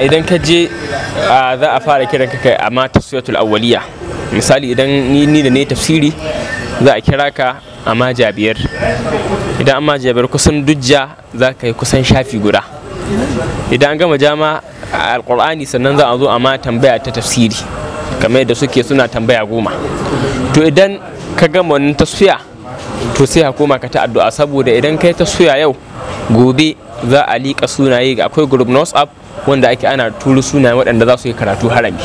idan ka je za a fara kiran ka kai amma taswiyatul awwaliya misali idan ni da ne tafsiri za a kira ka amma jabiyar idan amma jabiyar kusan dujja za ka yi kusan shafi guda idan an gama jama alkur'ani sannan za a zo amma tambaya ta tafsiri kamar yadda suke suna tambaya goma to idan ka gama wannan taswiya to sai ka koma ka ta addu'a saboda idan ka yi taswiya yau gobe za a liƙa sunaye akwai group na whatsapp wanda ake ana turu sunaye waɗanda za su yi karatu harami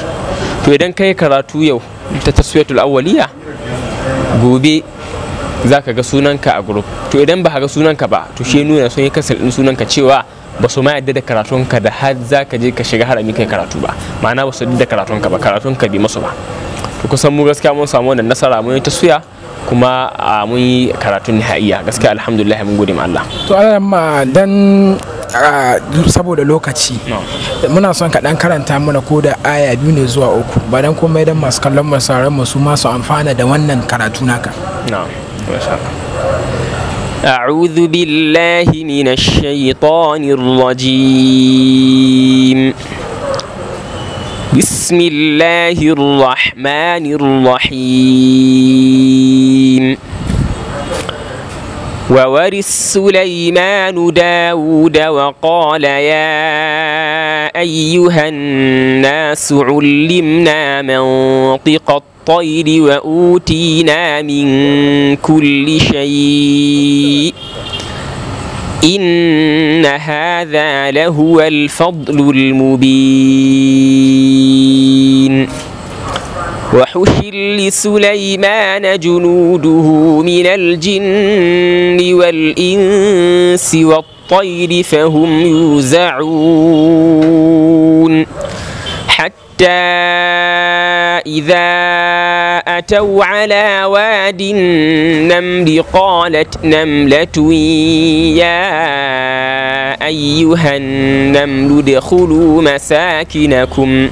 to idan ka yi karatu yau ta taswiyatul awwaliya gobe za ka ga sunanka a group to idan ba ka ga sunanka ba to shi nuna sun yi kasar ɗin sunanka cewa ba su ma yadda da karatunka da har za ka je ka shiga harami kai karatu ba ma'ana ba su yadda da karatunka ba karatunka bi masu ba kusan mu gaskiya mun samu wannan nasara mun yi ta suya kuma mun yi karatun nihaiya gaskiya alhamdulillah mun gode ma Allah to ma dan saboda lokaci muna son ka dan karanta mana ko da aya biyu ne zuwa uku ba dan komai dan masu kallon mu sauran mu su ma su amfana da wannan karatu naka na'am أعوذ بالله من الشيطان الرجيم بسم الله الرحمن الرحيم وورث سليمان داود وقال يا أيها الناس علمنا منطق الطير وأوتينا من كل شيء إن هذا لهو الفضل المبين وحشر لسليمان جنوده من الجن والإنس والطير فهم يوزعون حتى إذا واتوا على واد النمل قالت نملة يا أيها النمل ادخلوا مساكنكم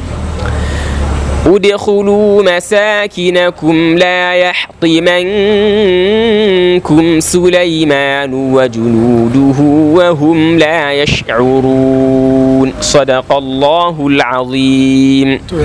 ادخلوا مساكنكم لا يحطمنكم سليمان وجنوده وهم لا يشعرون صدق الله العظيم